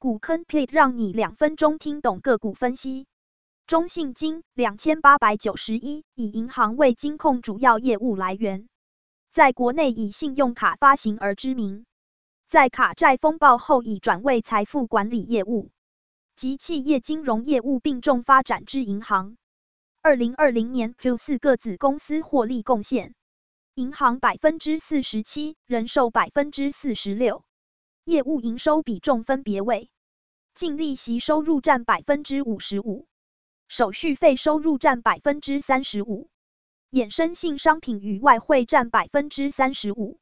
股坑 pit 讓你兩分鐘聽懂個股分析。中信金兩千八百九十一，91，以銀行為金控主要業務來源，在國內以信用卡發行而知名，在卡債風暴後已轉為財富管理業務及企業金融業務並重發展之銀行。二零二零年 Q 四各子公司獲利貢獻，銀行百分之四十七，人壽百分之四十六。業務營收比重分別為：淨利息收入佔百分之五十五，手續費收入佔百分之三十五，衍生性商品與外匯佔百分之三十五。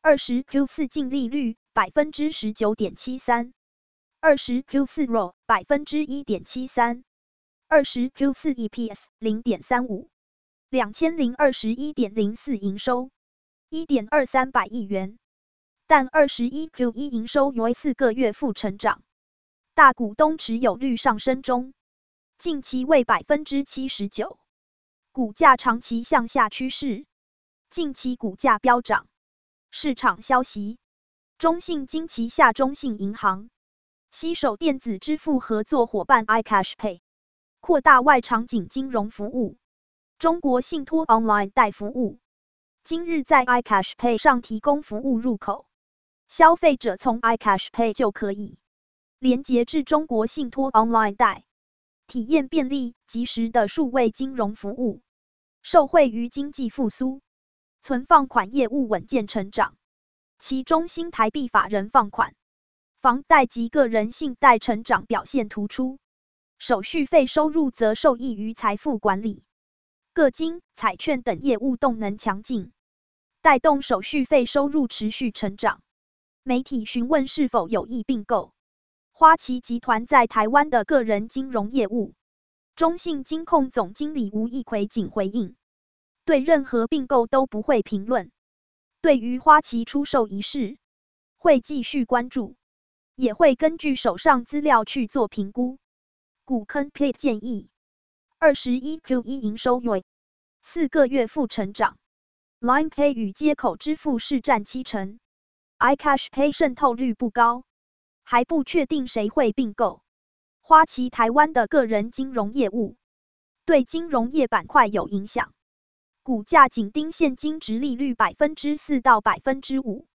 二十 Q 四淨利率百分之十九點七三，二十 Q 四 ROA 百分之一點七三，二十 Q 四 EPS 零點三五，兩千零二十一點零四營收，一點二三百億元。但二十一 Q 一營收由四個月負成長，大股東持有率上升中，近期為百分之七十九，股價長期向下趨勢，近期股價飆漲。市場消息：中信金旗下中信銀行攜手電子支付合作夥伴 iCash Pay，擴大外場景金融服務。中國信託 Online 貸服務今日在 iCash Pay 上提供服務入口。消費者從 iCash Pay 就可以連結至中國信託 Online 貸，體驗便利及時的數位金融服務。受惠於經濟復甦，存放款業務穩健成長，其中新台幣法人放款、房貸及個人信貸成長表現突出。手續費收入則受益於財富管理、個金、彩券等業務動能強勁，帶動手續費收入持續成長。媒體詢問是否有意併購花旗集團在台灣的個人金融業務，中信金控總經理吳亦奎僅回應，對任何併購都不會評論。對於花旗出售一事，會繼續關注，也會根據手上資料去做評估。股坑 Pay 建議，二十一 Q 一營收 YoY 四個月負成長，Line Pay 與街口支付市占七成。iCash Pay 滲透率不高，還不確定誰會併購，花旗台灣的個人金融業務對金融業板塊有影響，股價緊盯現金殖利率百分之四到百分之五。